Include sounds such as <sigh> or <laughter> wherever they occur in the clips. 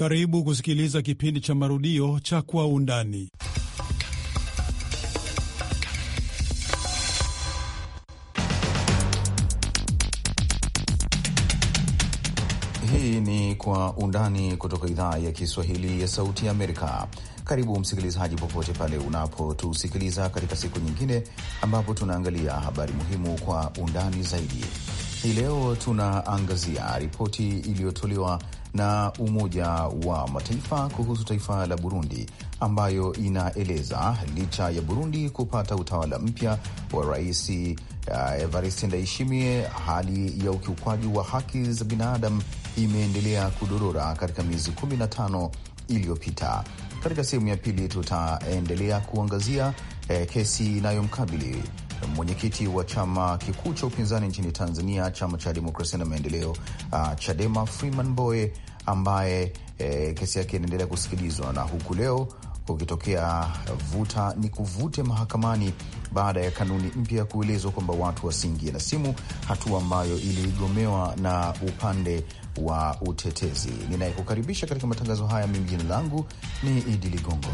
Karibu kusikiliza kipindi cha marudio cha Kwa Undani. Hii ni Kwa Undani kutoka idhaa ya Kiswahili ya Sauti ya Amerika. Karibu msikilizaji, popote pale unapotusikiliza katika siku nyingine ambapo tunaangalia habari muhimu kwa undani zaidi. Hii leo tunaangazia ripoti iliyotolewa na Umoja wa Mataifa kuhusu taifa la Burundi ambayo inaeleza licha ya Burundi kupata utawala mpya wa Rais uh, Evariste Ndayishimiye, hali ya ukiukwaji wa haki za binadamu imeendelea kudorora katika miezi 15 iliyopita. Katika sehemu ya pili tutaendelea kuangazia eh, kesi inayomkabili mwenyekiti wa chama kikuu cha upinzani nchini Tanzania, chama cha demokrasia na maendeleo, uh, Chadema, Freeman Mbowe ambaye eh, kesi yake inaendelea kusikilizwa na huku leo kukitokea vuta ni kuvute mahakamani baada ya kanuni mpya ya kuelezwa kwamba watu wasiingie na simu, hatua ambayo iligomewa na upande wa utetezi. Ninayekukaribisha katika matangazo haya, mimi jina langu ni Idi Ligongo.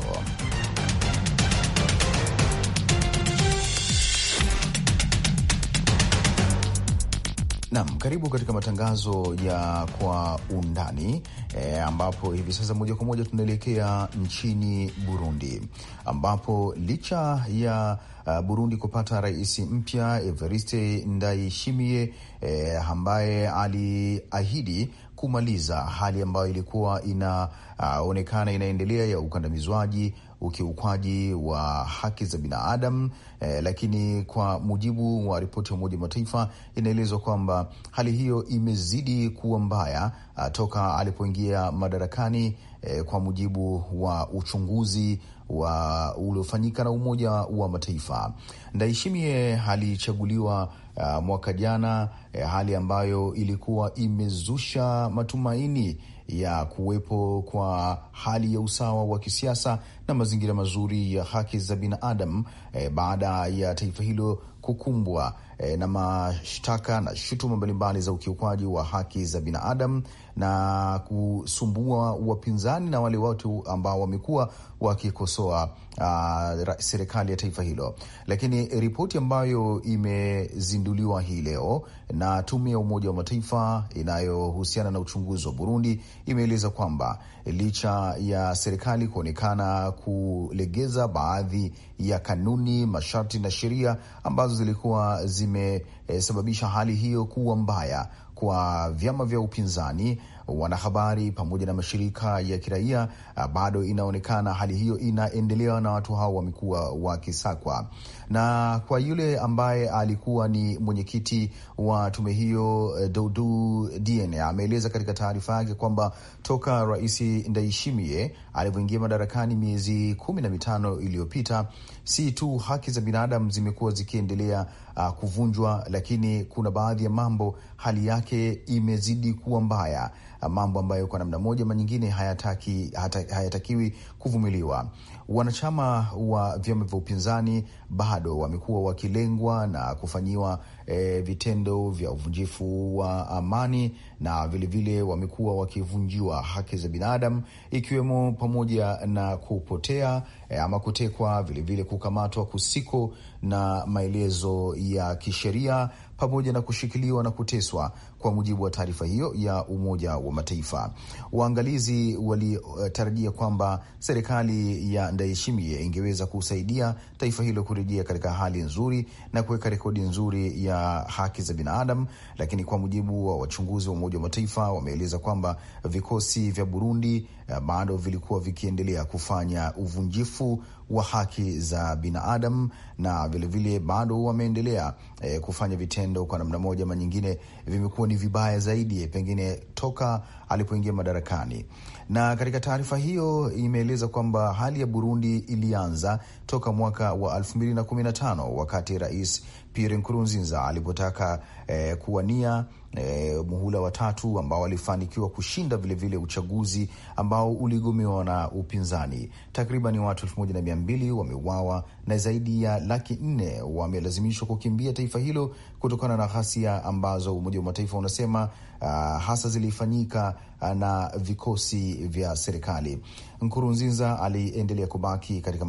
Naam, karibu katika matangazo ya kwa undani e, ambapo hivi sasa moja kwa moja tunaelekea nchini Burundi ambapo licha ya uh, Burundi kupata rais mpya Evariste Ndayishimiye e, ambaye aliahidi kumaliza hali ambayo ilikuwa inaonekana uh, inaendelea ya ukandamizwaji ukiukwaji wa haki za binadamu eh, lakini kwa mujibu wa ripoti ya Umoja Mataifa inaelezwa kwamba hali hiyo imezidi kuwa mbaya ah, toka alipoingia madarakani eh, kwa mujibu wa uchunguzi wa uliofanyika na Umoja wa Mataifa. Ndaishimie alichaguliwa uh, mwaka jana eh, hali ambayo ilikuwa imezusha matumaini ya kuwepo kwa hali ya usawa wa kisiasa na mazingira mazuri ya haki za binadamu eh, baada ya taifa hilo kukumbwa e, na mashtaka na shutuma mbalimbali za ukiukwaji wa haki za binadamu na kusumbua wapinzani na wale watu ambao wamekuwa wakikosoa ah, serikali ya taifa hilo. Lakini ripoti ambayo imezinduliwa hii leo na tume ya Umoja wa Mataifa inayohusiana na uchunguzi wa Burundi imeeleza kwamba licha ya serikali kuonekana kulegeza baadhi ya kanuni, masharti na sheria ambazo zilikuwa zi zimesababisha hali hiyo kuwa mbaya kwa vyama vya upinzani, wanahabari, pamoja na mashirika ya kiraia. Ah, bado inaonekana hali hiyo inaendelewa na watu hao wamekuwa wakisakwa na kwa yule ambaye alikuwa ni mwenyekiti wa tume hiyo eh, Dodu Diene ameeleza katika taarifa yake kwamba toka Rais Ndayishimiye alivyoingia madarakani miezi kumi na mitano iliyopita, si tu haki za binadamu zimekuwa zikiendelea uh, kuvunjwa, lakini kuna baadhi ya mambo hali yake imezidi kuwa mbaya, ah, mambo ambayo kwa namna moja ama nyingine hayataki, hata, hayatakiwi kuvumiliwa wanachama wa vyama vya upinzani bado wamekuwa wakilengwa na kufanyiwa e, vitendo vya uvunjifu wa amani na vilevile wamekuwa wakivunjiwa haki za binadamu ikiwemo pamoja na kupotea e, ama kutekwa, vilevile kukamatwa kusiko na maelezo ya kisheria pamoja na kushikiliwa na kuteswa kwa mujibu wa taarifa hiyo ya Umoja wa Mataifa. Waangalizi walitarajia kwamba serikali ya Ndayishimiye ingeweza kusaidia taifa hilo kurejea katika hali nzuri na kuweka rekodi nzuri ya haki za binadamu, lakini kwa mujibu wa wachunguzi wa Umoja wa Mataifa wameeleza kwamba vikosi vya Burundi eh, bado vilikuwa vikiendelea kufanya uvunjifu wa haki za binadamu na vilevile bado wameendelea eh, kufanya vitendo kwa namna moja ama nyingine vimekuwa ni vibaya zaidi pengine toka alipoingia madarakani. Na katika taarifa hiyo imeeleza kwamba hali ya Burundi ilianza toka mwaka wa 2015 wakati Rais Pierre Nkurunziza alipotaka eh, kuwania eh, muhula watatu ambao alifanikiwa kushinda vilevile vile uchaguzi ambao uligomewa na upinzani. Takriban watu elfu moja na mia mbili wameuawa na zaidi ya laki nne wamelazimishwa kukimbia taifa hilo kutokana na ghasia ambazo Umoja wa Mataifa unasema uh, hasa zilifanyika ah, na vikosi vya serikali. Nkurunziza aliendelea kubaki katika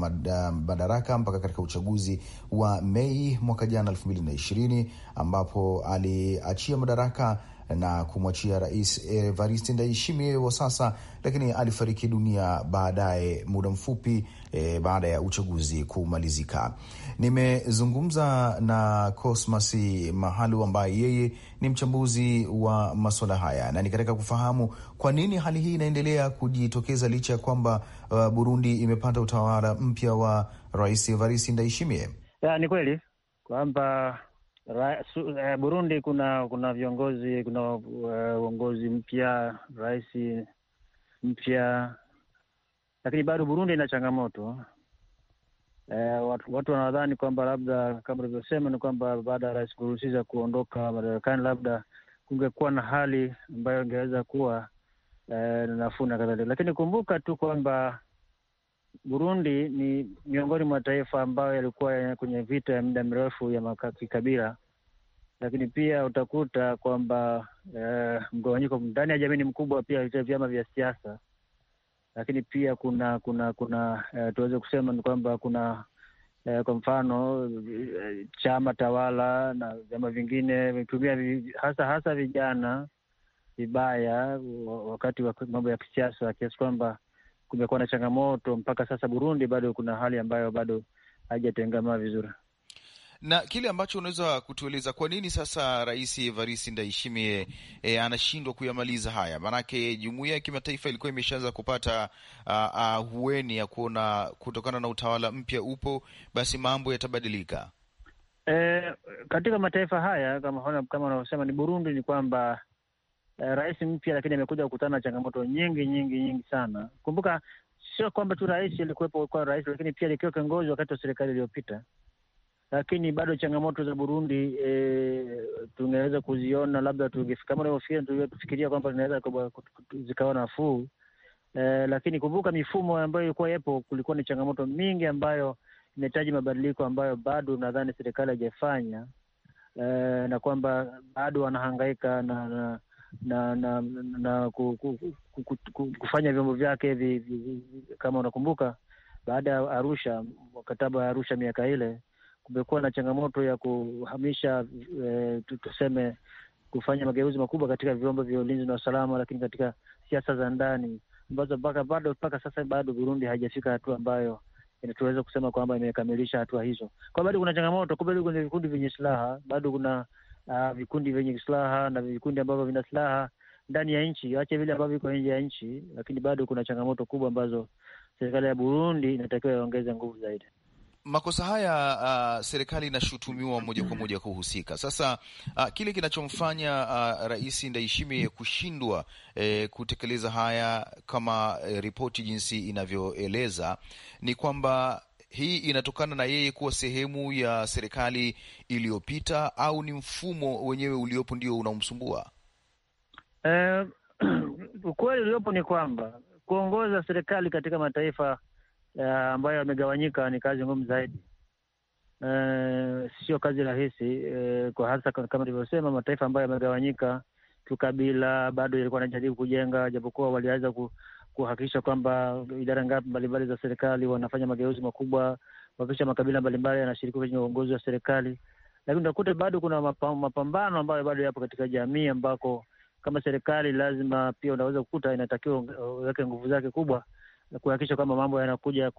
madaraka mpaka katika uchaguzi wa Mei mwaka jana elfu mbili na ishirini ambapo aliachia madaraka na kumwachia Rais Evariste Ndayishimiye wa sasa, lakini alifariki dunia baadaye muda mfupi e, baada ya uchaguzi kumalizika. Nimezungumza na Cosmas Mahalu ambaye yeye ni mchambuzi wa masuala haya na nikataka kufahamu kwa nini hali hii inaendelea kujitokeza licha ya kwamba uh, Burundi imepata utawala mpya wa Rais Evariste Ndayishimiye. Ni kweli kwamba ra, su, eh, Burundi kuna kuna viongozi kuna eh, uongozi uh, mpya, rais mpya, lakini bado Burundi ina changamoto eh, watu, watu wanadhani kwamba labda kama ulivyosema ni kwamba baada ya rais Nkurunziza kuondoka madarakani labda kungekuwa na hali ambayo ingeweza kuwa eh, nafuu na kadhalika, lakini kumbuka tu kwamba Burundi ni miongoni mwa taifa ambayo yalikuwa kwenye vita ya muda mrefu ya kikabila, lakini pia utakuta kwamba e, mgawanyiko ndani ya jamii ni mkubwa, pia vyama vya siasa, lakini pia kuna kuna kuna e, tuweze kusema ni kwamba kuna e, kwa mfano e, chama tawala na vyama vingine vitumia hasa hasa vijana vibaya wakati wa mambo ya kisiasa kiasi kwamba kumekuwa na changamoto mpaka sasa. Burundi bado kuna hali ambayo bado haijatengamaa vizuri na kile ambacho unaweza kutueleza kwa nini sasa Rais Evariste Ndayishimiye e, anashindwa kuyamaliza haya? Maanake jumuiya ya kimataifa ilikuwa imeshaanza kupata hueni ya kuona kutokana na utawala mpya upo, basi mambo yatabadilika. E, katika mataifa haya kama unavyosema ni Burundi, ni kwamba Eh, rais mpya, lakini amekuja kukutana na changamoto nyingi nyingi nyingi sana. Kumbuka sio kwamba tu rais alikuwepo kwa rais, lakini pia alikuwa kiongozi wakati wa serikali iliyopita, lakini bado changamoto za Burundi e, tungeweza kuziona labda kama tufikiria kwamba zinaweza zikawa nafuu e, lakini kumbuka mifumo ambayo ilikuwa yepo, kulikuwa ni changamoto mingi ambayo inahitaji mabadiliko ambayo bado nadhani serikali haijafanya e, na kwamba bado wanahangaika na, na na na, na ku, ku, ku, ku, ku, kufanya vyombo vyake vi, vi, vi, kama unakumbuka baada ya Arusha, mkataba wa Arusha miaka ile, kumekuwa na changamoto ya kuhamisha e, tuseme kufanya mageuzi makubwa katika vyombo vya ulinzi na usalama, lakini katika siasa za ndani ambazo mpaka bado mpaka sasa bado Burundi haijafika hatua ambayo inatuweza kusema kwamba imekamilisha hatua hizo. Kwa bado kuna changamoto, bado kuna vikundi vyenye silaha, bado kuna Ah, vikundi vyenye silaha na vikundi ambavyo vina silaha ndani ya nchi, ache vile ambavyo viko nje ya nchi, lakini bado kuna changamoto kubwa ambazo serikali ya Burundi inatakiwa iongeze nguvu zaidi. Makosa haya uh, serikali inashutumiwa moja kwa moja kuhusika. Sasa uh, kile kinachomfanya uh, Rais Ndayishimiye kushindwa eh, kutekeleza haya kama eh, ripoti jinsi inavyoeleza ni kwamba hii inatokana na yeye kuwa sehemu ya serikali iliyopita au ni mfumo wenyewe uliopo ndio unaomsumbua? Uh, <clears throat> ukweli uliopo ni kwamba kuongoza serikali katika mataifa uh, ambayo yamegawanyika ni kazi ngumu zaidi. Uh, sio kazi rahisi uh, kwa hasa kama ilivyosema mataifa ambayo yamegawanyika tukabila bado yalikuwa wanajaribu kujenga, japokuwa waliweza ku, kuhakikisha kwamba idara ngapi mbalimbali za serikali wanafanya mageuzi makubwa, kuhakikisha makabila mbalimbali yanashiriki kwenye uongozi wa serikali, lakini utakuta bado kuna mapambano ambayo bado yapo katika jamii, ambako kama serikali lazima pia unaweza kukuta inatakiwa uweke nguvu zake kubwa kuhakikisha kwamba mambo yanakuja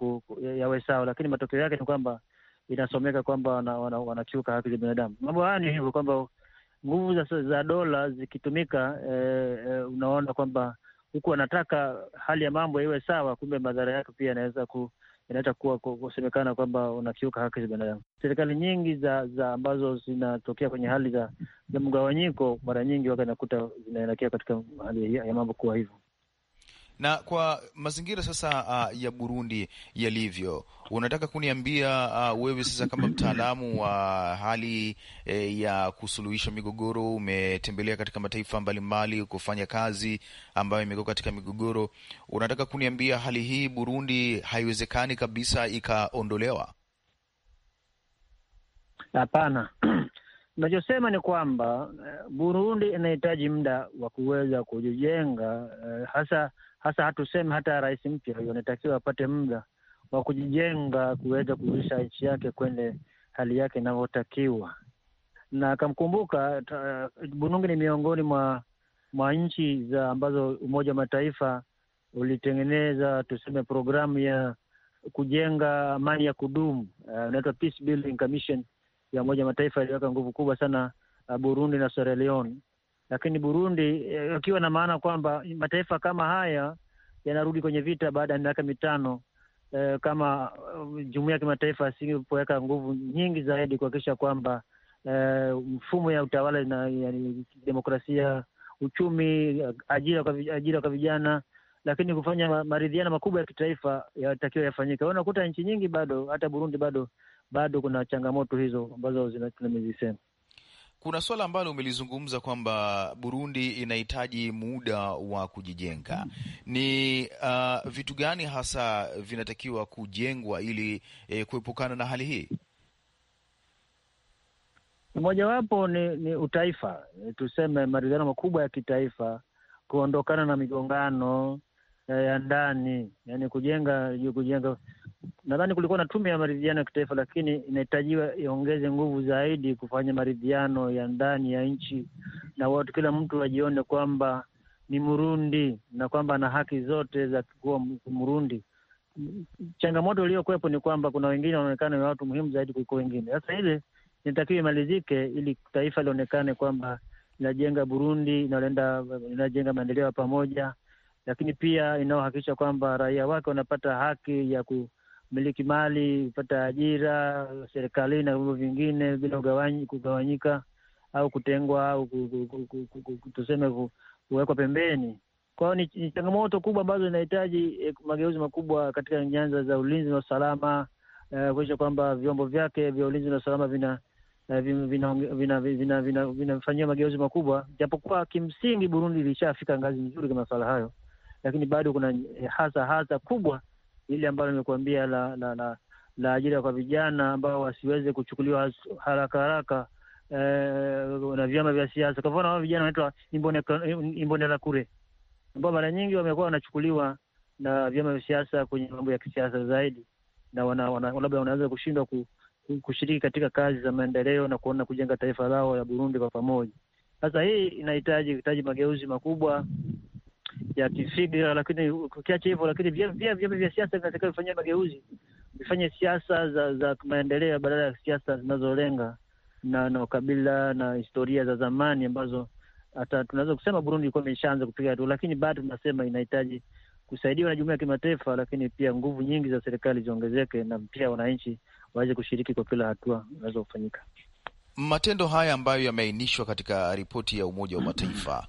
yawe sawa, lakini matokeo yake ni kwamba inasomeka kwamba wanachuka wana, wana haki za binadamu. Mambo haya ni hivyo kwamba nguvu za, za dola zikitumika, eh, eh, unaona kwamba huku anataka hali ya mambo iwe sawa, kumbe madhara yake pia yanaweza ku inaweza kuwa kusemekana kwamba unakiuka haki za binadamu. Serikali nyingi za, za ambazo zinatokea kwenye hali za, za mgawanyiko, mara nyingi waka inakuta zinaelekea katika hali ya mambo kuwa hivyo. Na kwa mazingira sasa uh, ya Burundi yalivyo, unataka kuniambia uh, wewe sasa kama mtaalamu wa uh, hali eh, ya kusuluhisha migogoro, umetembelea katika mataifa mbalimbali kufanya kazi ambayo imekuwa katika migogoro, unataka kuniambia hali hii Burundi haiwezekani kabisa ikaondolewa? Hapana. <clears throat> Nachosema ni kwamba eh, Burundi inahitaji muda wa kuweza kujijenga, eh, hasa Hasa hatusemi hata rais mpya huyo, anatakiwa apate muda wa kujijenga, kuweza kurudisha nchi yake kwende hali yake inavyotakiwa. Na akamkumbuka Burundi ni miongoni mwa mwa nchi za ambazo Umoja wa Mataifa ulitengeneza tuseme programu ya kujenga amani ya kudumu eh, inaitwa Peace Building Commission ya Umoja wa Mataifa iliweka nguvu kubwa sana eh, Burundi na Sierra Leone lakini Burundi eh, akiwa na maana kwamba mataifa kama haya yanarudi kwenye vita baada ya miaka mitano e, kama eh, jumuia ya kimataifa asipoweka nguvu nyingi zaidi kuhakikisha kwamba e, mfumo ya utawala na ya demokrasia, uchumi, ajira kwa, ajira kwa vijana lakini kufanya maridhiano makubwa ya kitaifa yatakiwa yafanyike. Unakuta nchi nyingi bado, hata Burundi bado, bado kuna changamoto hizo ambazo tunamezisema kuna swala ambalo umelizungumza kwamba Burundi inahitaji muda wa kujijenga. Mm. Ni uh, vitu gani hasa vinatakiwa kujengwa ili eh, kuepukana na hali hii? Mojawapo ni, ni utaifa, tuseme maridhiano makubwa ya kitaifa, kuondokana na migongano eh, ya ndani, yani kujenga kujenga nadhani kulikuwa na tume ya maridhiano ya kitaifa, lakini inahitajiwa iongeze nguvu zaidi kufanya maridhiano ya ndani ya nchi, na watu, kila mtu ajione kwamba ni Mrundi na kwamba ana haki zote za kuwa Murundi. Changamoto iliyokuwepo ni kwamba kuna wengine wanaonekana ni watu muhimu zaidi kuliko wengine. Sasa ile inatakiwa imalizike, ili taifa lionekane kwamba inajenga Burundi, inajenga maendeleo ya pamoja, lakini pia inaohakikisha kwamba raia wake wanapata haki ya ku miliki mali, kupata ajira serikalini na vyombo vingine bila kugawanyika au kutengwa au tuseme kuwekwa pembeni. Kwa hiyo ni changamoto kubwa ambazo zinahitaji eh, mageuzi makubwa katika nyanja za ulinzi na usalama eh, kuonyesha kwamba vyombo vyake vya ulinzi na usalama vina eh, vinafanyiwa mageuzi makubwa, japokuwa kimsingi Burundi ilishafika ngazi nzuri kwa masuala hayo, lakini bado kuna eh, hasa hasa kubwa ili ambalo nimekuambia la, la, la, la ajira kwa vijana ambao wasiweze kuchukuliwa haraka haraka eh, na vyama vya siasa. Kwa mfano hao vijana wanaitwa Imbonela Kure ambao mara nyingi wamekuwa wanachukuliwa na vyama vya siasa kwenye mambo ya kisiasa zaidi, na labda wana, wana, wanaweza kushindwa ku, kushiriki katika kazi za maendeleo na kuona kujenga taifa lao ya Burundi kwa pamoja. Sasa hii inahitaji hitaji mageuzi makubwa ya kifidi, lakini kiache hivyo, lakini vyama vya siasa vinatakiwa vifanyia mageuzi, vifanye siasa za, za maendeleo badala ya siasa zinazolenga na, na ukabila na historia za zamani ambazo hata tunaweza kusema Burundi ilikuwa imeshaanza kupiga hatua, lakini bado tunasema inahitaji kusaidiwa na jumuiya ya kimataifa, lakini pia nguvu nyingi za serikali ziongezeke na pia wananchi waweze kushiriki kwa kila hatua inaweza kufanyika. Matendo haya ambayo yameainishwa katika ripoti ya Umoja wa Mataifa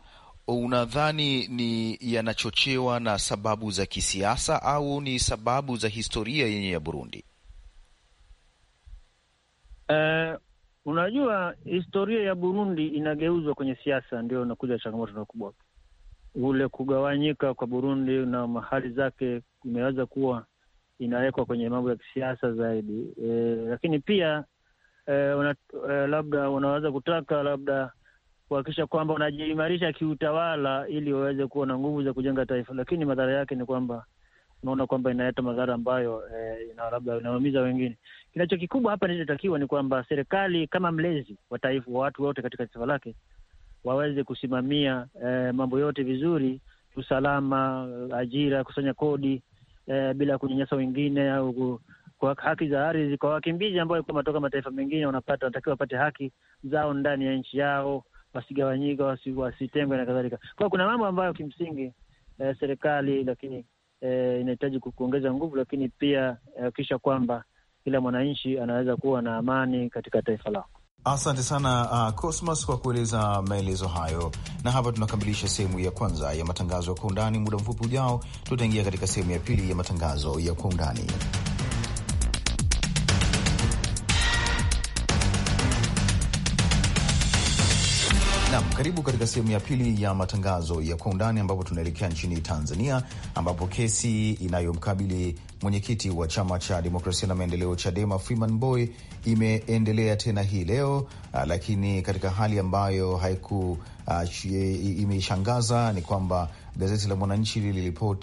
unadhani ni yanachochewa na sababu za kisiasa au ni sababu za historia yenye ya Burundi? Uh, unajua historia ya Burundi inageuzwa kwenye siasa, ndio unakuja changamoto na kubwa ule kugawanyika kwa Burundi na mahali zake imeweza kuwa inawekwa kwenye mambo ya kisiasa zaidi e, lakini pia e, una, e, labda unaweza kutaka labda kuhakikisha kwamba unajiimarisha kiutawala ili waweze kuwa na nguvu za kujenga taifa, lakini madhara yake ni kwamba unaona kwamba inaleta madhara ambayo eh, labda inaumiza wengine. Kinacho kikubwa hapa inachotakiwa ni kwamba serikali kama mlezi wa taifa wa watu wote katika taifa lake waweze kusimamia eh, mambo yote vizuri, usalama, ajira, kusanya kodi eh, bila kunyanyasa wengine au kwa haki za ardhi kwa wakimbizi ambao walikuwa wametoka mataifa mengine, wanapata wanatakiwa wapate haki zao ndani ya nchi yao wasigawanyika, wasitengwe na kadhalika. Kwa kuna mambo ambayo kimsingi eh, serikali lakini eh, inahitaji kuongeza nguvu, lakini pia hakikisha eh, kwamba kila mwananchi anaweza kuwa na amani katika taifa lako. Asante sana uh, Cosmas kwa kueleza maelezo hayo, na hapa tunakamilisha sehemu ya kwanza ya matangazo ya kwa undani. Muda mfupi ujao, tutaingia katika sehemu ya pili ya matangazo ya kwa undani. Nam, karibu katika sehemu ya pili ya matangazo ya kwa undani, ambapo tunaelekea nchini Tanzania, ambapo kesi inayomkabili mwenyekiti wa chama cha demokrasia na maendeleo CHADEMA Freeman boy imeendelea tena hii leo, ah, lakini katika hali ambayo haiku ah, imeshangaza ni kwamba gazeti la Mwananchi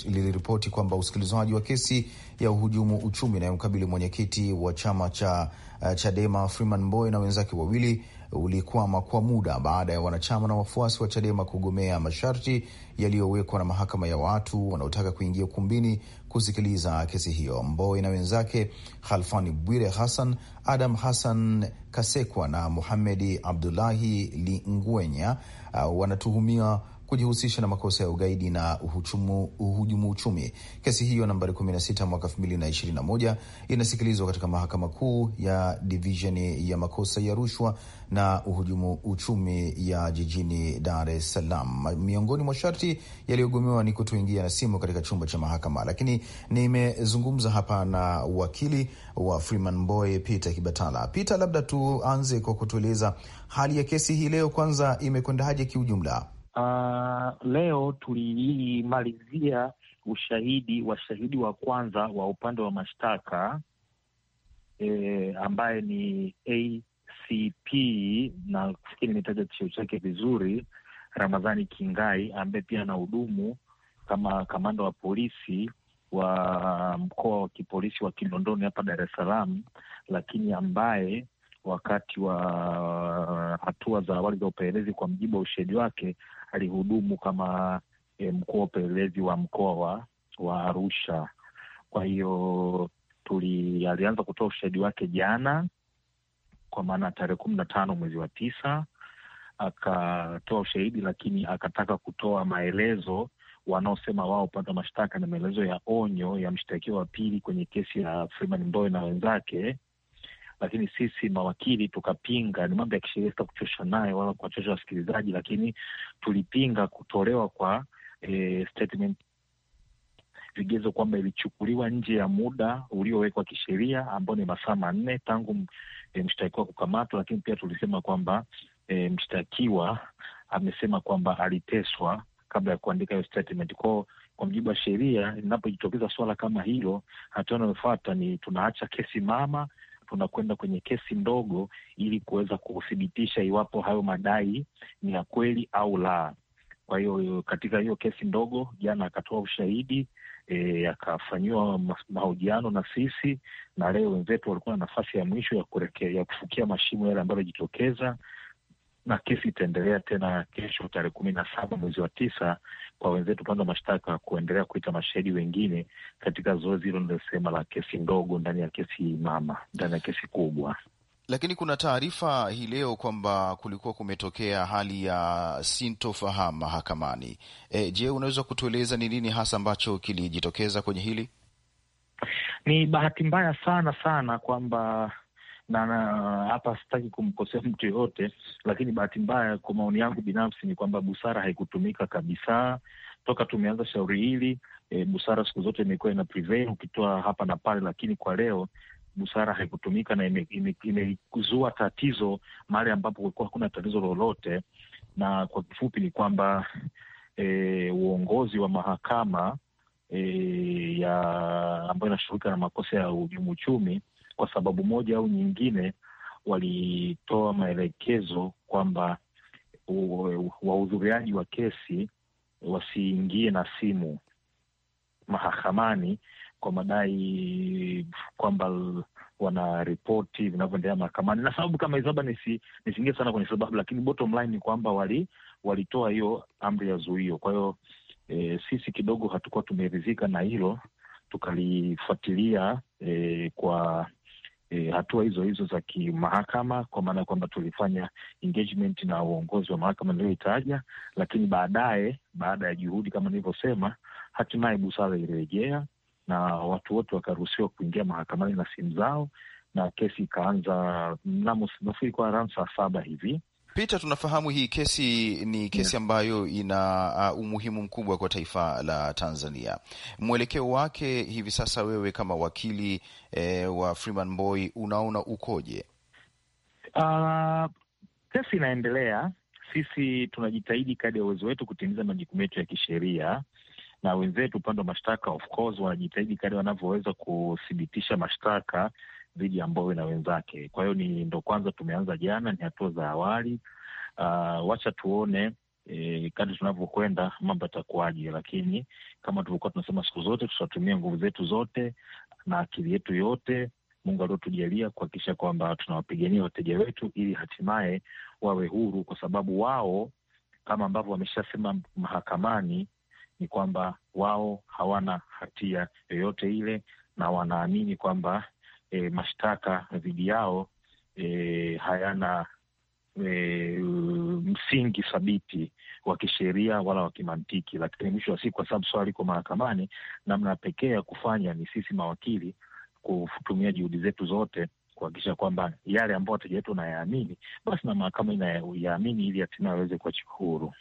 liliripoti kwamba usikilizaji wa kesi ya uhujumu uchumi inayomkabili mwenyekiti wa chama cha uh, CHADEMA Freeman boy na wenzake wawili ulikwama kwa muda baada ya wanachama na wafuasi wa Chadema kugomea masharti yaliyowekwa na mahakama ya watu wanaotaka kuingia ukumbini kusikiliza kesi hiyo. mboe na wenzake Khalfani Bwire Hassan, Adam Hassan Kasekwa na Muhamedi Abdulahi Lingwenya uh, wanatuhumiwa kujihusisha na makosa ya ugaidi na uhuchumu, uhujumu uchumi. Kesi hiyo nambari 16 mwaka 2021 inasikilizwa katika mahakama kuu ya divisheni ya makosa ya rushwa na uhujumu uchumi ya jijini Dar es Salaam. Miongoni mwa sharti yaliyogomewa ni kutoingia na simu katika chumba cha mahakama, lakini nimezungumza hapa na wakili wa Freeman Mbowe Peter Kibatala. Peter, labda tuanze kwa kutueleza hali ya kesi hii leo, kwanza imekwendaje kiujumla? Uh, leo tulimalizia ushahidi wa shahidi wa kwanza wa upande wa mashtaka e, ambaye ni ACP na fikiri nitaja cheo chake vizuri, Ramadhani Kingai ambaye pia hudumu kama kamanda wa polisi wa mkoa wa kipolisi wa Kinondoni hapa Dar es Salaam, lakini ambaye wakati wa hatua za awali za upelelezi, kwa mjibu wa ushahidi wake, alihudumu kama e, mkuu wa upelelezi wa mkoa wa Arusha. Kwa hiyo tuli, alianza kutoa ushahidi wake jana, kwa maana tarehe kumi na tano mwezi wa tisa akatoa ushahidi, lakini akataka kutoa maelezo wanaosema wao upande wa mashtaka na maelezo ya onyo ya mshtakiwa wa pili kwenye kesi ya Freeman Mbowe na wenzake lakini sisi mawakili tukapinga. Ni mambo ya kisheria, sitakuchosha nayo wala kuwachosha wasikilizaji, lakini tulipinga kutolewa kwa e, statement vigezo kwamba ilichukuliwa nje ya muda uliowekwa kisheria ambao ni masaa manne tangu e, mshtakiwa kukamatwa, lakini pia tulisema kwamba e, mshtakiwa amesema kwamba aliteswa kabla ya kuandika hiyo statement kwao kwa mujibu wa sheria, linapojitokeza swala kama hilo, hatua inayofuata ni tunaacha kesi mama tunakwenda kwenye kesi ndogo ili kuweza kuthibitisha iwapo hayo madai ni ya kweli au la. Kwa hiyo katika hiyo kesi ndogo jana akatoa ushahidi e, akafanyiwa mahojiano na sisi, na leo wenzetu walikuwa na nafasi ya mwisho ya, ya kufukia mashimo yale ambayo yajitokeza na kesi itaendelea tena kesho tarehe kumi na saba mwezi wa tisa kwa wenzetu upande wa mashtaka kuendelea kuita mashahidi wengine katika zoezi hilo nilosema la kesi ndogo ndani ya kesi mama ndani ya kesi kubwa. Lakini kuna taarifa hii leo kwamba kulikuwa kumetokea hali ya sintofahamu mahakamani. E, je, unaweza kutueleza ni nini hasa ambacho kilijitokeza kwenye hili? Ni bahati mbaya sana sana kwamba na, hapa sitaki kumkosea mtu yoyote, lakini bahati mbaya kwa maoni yangu binafsi ni kwamba busara haikutumika kabisa toka tumeanza shauri hili. E, busara siku zote imekuwa ina prevail ukitoa hapa na pale, lakini kwa leo busara haikutumika na imezua tatizo mahali ambapo kulikuwa hakuna tatizo lolote. Na kwa kifupi ni kwamba e, uongozi wa mahakama e, ya ambayo inashughulika na makosa ya uhujumu uchumi kwa sababu moja au nyingine walitoa maelekezo kwamba wahudhuriaji wa kesi wasiingie na simu mahakamani kwa madai kwamba wana ripoti vinavyoendelea mahakamani, na sababu kama hizo, labda nisiingie sana kwenye sababu, lakini bottom line ni kwamba wali walitoa hiyo amri ya zuio. Kwa hiyo e, sisi kidogo hatukuwa tumeridhika na hilo, tukalifuatilia e, kwa e, hatua hizo hizo za kimahakama, kwa maana ya kwamba tulifanya engagement na uongozi wa mahakama niliyoitaja, lakini baadaye, baada ya juhudi kama nilivyosema, hatimaye busara ilirejea na watu wote wakaruhusiwa kuingia mahakamani na simu zao na kesi ikaanza mnamo, nafikiri kwa around saa saba hivi Peter, tunafahamu hii kesi ni kesi ambayo ina uh, umuhimu mkubwa kwa taifa la Tanzania. Mwelekeo wake hivi sasa, wewe kama wakili eh, wa Freeman Mbowe unaona ukoje? Uh, kesi inaendelea, sisi tunajitahidi kadri ya uwezo wetu kutimiza majukumu yetu ya kisheria na wenzetu upande wa mashtaka of course wanajitahidi kadri wanavyoweza kuthibitisha mashtaka dhidi ya Mbowe na wenzake. Kwa hiyo ni ndo kwanza tumeanza jana, ni hatua za awali. Uh, wacha tuone E, kadri tunavyokwenda mambo yatakuwaje, lakini kama tulikuwa tunasema siku zote, tutatumia nguvu zetu zote na akili yetu yote Mungu aliotujalia kuhakikisha kwamba tunawapigania wateja wetu ili hatimaye wawe huru, kwa sababu wao kama ambavyo wameshasema mahakamani ni kwamba wao hawana hatia yoyote ile, na wanaamini kwamba e, mashtaka dhidi yao e, hayana e, msingi thabiti wa kisheria wala wa kimantiki, lakini mwisho wa siku, kwa sababu swala liko mahakamani, namna pekee ya kufanya ni sisi mawakili kutumia juhudi zetu zote kuhakikisha kwamba yale ambayo wateja wetu wanayaamini basi na mahakama inayaamini ili hatimaye aweze kuachia huru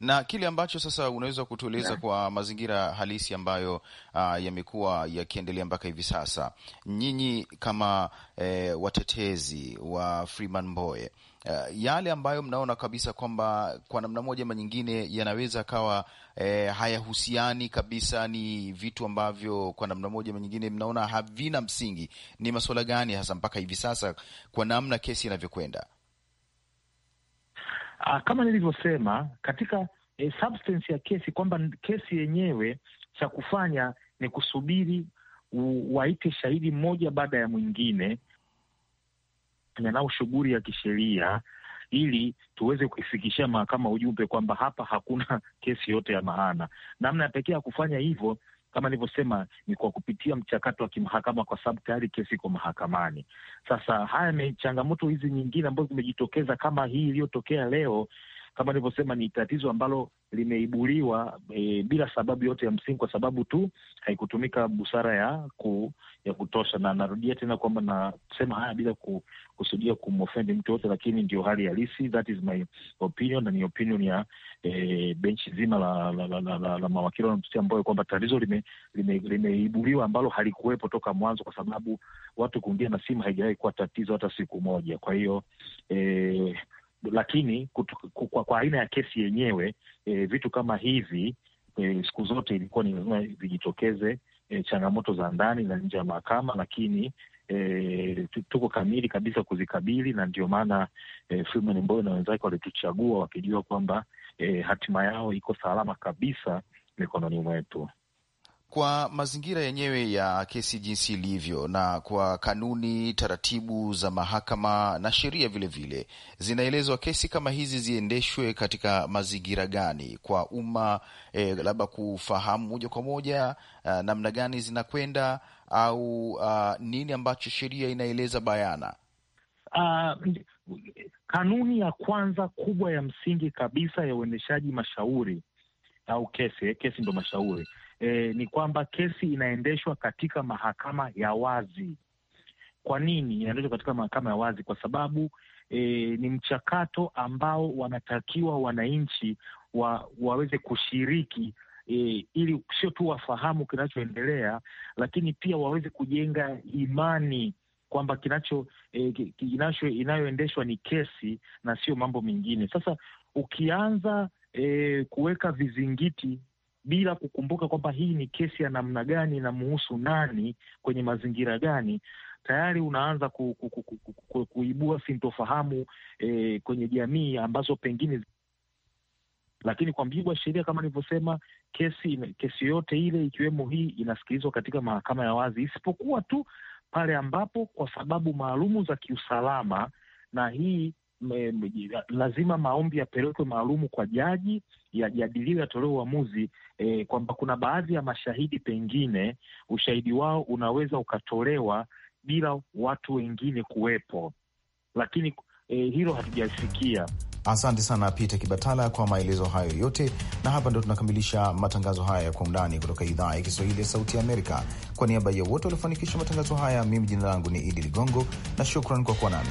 na kile ambacho sasa unaweza kutueleza kwa mazingira halisi ambayo uh, yamekuwa yakiendelea mpaka hivi sasa, nyinyi kama eh, watetezi wa Freeman Mbowe Uh, yale ambayo mnaona kabisa kwamba kwa namna moja ama nyingine yanaweza kawa eh, hayahusiani kabisa, ni vitu ambavyo kwa namna moja ama nyingine mnaona havina msingi, ni masuala gani hasa mpaka hivi sasa kwa namna kesi inavyokwenda? Aa, ah, kama nilivyosema katika e, substance ya kesi kwamba kesi yenyewe cha kufanya ni kusubiri waite shahidi mmoja baada ya mwingine nao shughuli ya kisheria ili tuweze kuifikishia mahakama ujumbe kwamba hapa hakuna <laughs> kesi yote ya maana. Namna ya pekee ya kufanya hivyo kama nilivyosema, ni kwa kupitia mchakato wa kimahakama, kwa sababu tayari kesi iko mahakamani. Sasa haya ni changamoto hizi nyingine ambazo zimejitokeza kama hii iliyotokea leo kama nilivyosema, ni tatizo ambalo limeibuliwa e, bila sababu yote ya msingi, kwa sababu tu haikutumika busara ya ku, ya kutosha. Na narudia tena kwamba nasema haya bila ku, kusudia kumofendi mtu yote, lakini ndio hali halisi. That is my opinion, na ni opinion ya e, benchi zima la, la, la, la, la, la mawakili wanamtetea, ambayo kwamba tatizo limeibuliwa lime, lime ambalo halikuwepo toka mwanzo, kwa sababu watu kuingia na simu haijawahi kuwa tatizo hata siku moja. Kwa hiyo e, lakini kutu, kwa, kwa aina ya kesi yenyewe e, vitu kama hivi e, siku zote ilikuwa ni lazima vijitokeze, e, changamoto za ndani na nje ya mahakama, lakini e, tuko kamili kabisa kuzikabili, na ndio maana e, Freeman Mbowe na wenzake walituchagua wakijua kwamba e, hatima yao iko salama kabisa mikononi mwetu kwa mazingira yenyewe ya kesi jinsi ilivyo, na kwa kanuni, taratibu za mahakama na sheria vilevile zinaelezwa kesi kama hizi ziendeshwe katika mazingira gani kwa umma e, labda kufahamu moja kwa moja eh, namna gani zinakwenda au a, ah, nini ambacho sheria inaeleza bayana. Uh, kanuni ya kwanza kubwa ya msingi kabisa ya uendeshaji mashauri au kesi, eh, kesi ndo mashauri e, ni kwamba kesi inaendeshwa katika mahakama ya wazi. Kwa nini inaendeshwa katika mahakama ya wazi? Kwa sababu e, ni mchakato ambao wanatakiwa wananchi wa, waweze kushiriki E, ili sio tu wafahamu kinachoendelea, lakini pia waweze kujenga imani kwamba kinacho e, kinacho inayoendeshwa ni kesi na sio mambo mengine. Sasa ukianza e, kuweka vizingiti bila kukumbuka kwamba hii ni kesi ya namna gani, muhusu nani, kwenye mazingira gani, tayari unaanza ku, ku, ku, ku, ku, kuibua sintofahamu eh, kwenye jamii ambazo pengine lakini kwa mujibu wa sheria kama nilivyosema, kesi kesi yote ile ikiwemo hii inasikilizwa katika mahakama ya wazi, isipokuwa tu pale ambapo kwa sababu maalumu za kiusalama, na hii me, me, lazima maombi yapelekwe maalumu kwa jaji, yajadiliwe, yatolewe uamuzi e, kwamba kuna baadhi ya mashahidi pengine ushahidi wao unaweza ukatolewa bila watu wengine kuwepo, lakini e, hilo hatujafikia. Asante sana Peter Kibatala kwa maelezo hayo yote, na hapa ndo tunakamilisha matangazo haya ya Kwa Undani kutoka idhaa ya Kiswahili ya Sauti ya Amerika. Kwa niaba ya wote waliofanikisha matangazo haya, mimi jina langu ni Idi Ligongo na shukran kwa kuwa nami.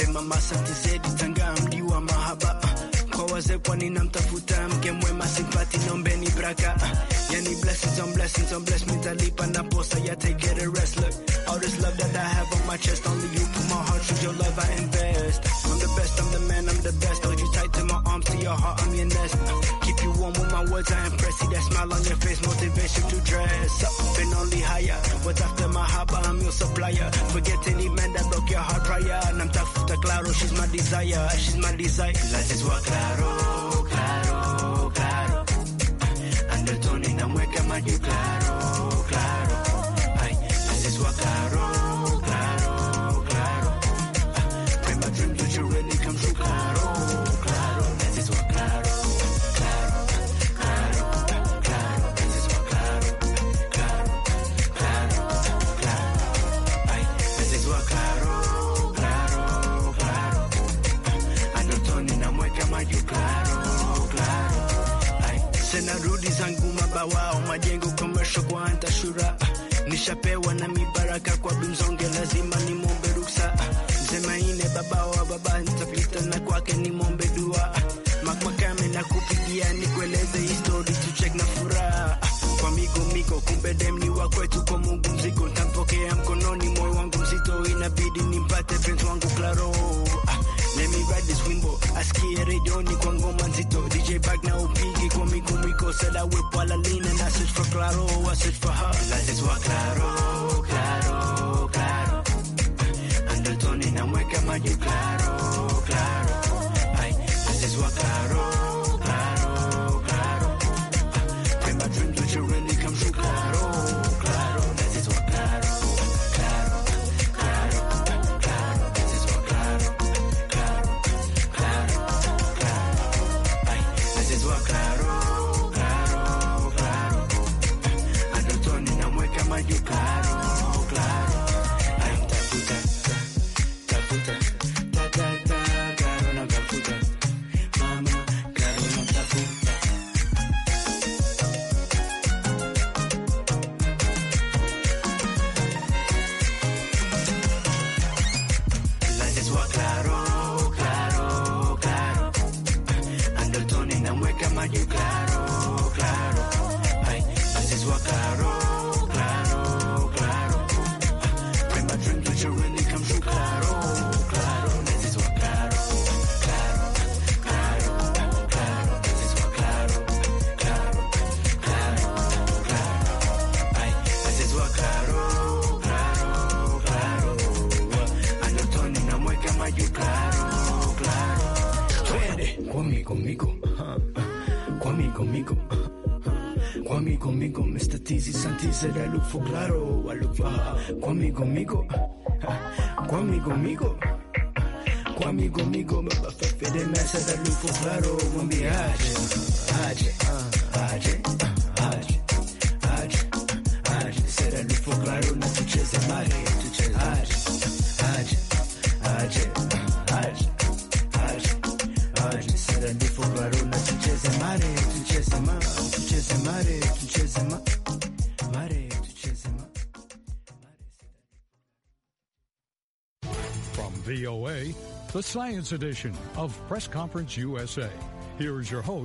Karen mama asante zetu tanga mdi wa mahaba kwa wazee, kwani namtafuta mke mwema simpati, nombeni braka yani blessings on blessings on bless me talipa na posa ya take get a wrestler all this love that I have on my chest only you put my heart through your love I invest I'm the best I'm the man I'm the best hold you tight to my arms to your heart I'm your nest with my words, I impress. See that smile on your face, motivation to dress up and only higher. What's after my haba, I'm your supplier. Forget any man that broke your heart prior. And I'm tough to claro, she's my desire, she's my desire. La es claro, claro. na narudi zangu mabawao majengo commercial kwa antashura nishapewa na mibaraka kwa bimzonge lazima ni mombe ruksa zemaine baba wa baba nitapita na kwake ni mombe dua makmakame na kupigia ni kueleze histori tuchek na furaha kwa migo miko kumbe dem ni wa kwetu kwa Mungu mziko ntampokea mkononi moyo wangu mzito inabidi nimpate penzi wangu klaro Let me ride this wimbo, asikie redioni kwa ngoma nzito. DJ Bag na upigi kwa mikumiko, sela whip ala lean and I search for claro, I search for her. La seswa claro, claro, claro. Ando toni na mweka maji claro, claro. Ay, la seswa claro. said I look for claro, I look for her. Conmigo, migo, conmigo, migo. Conmigo, migo, me va a hacer de mesa, I look for claro, one be hot, hot. Science Edition of Press Conference USA. Here is your host,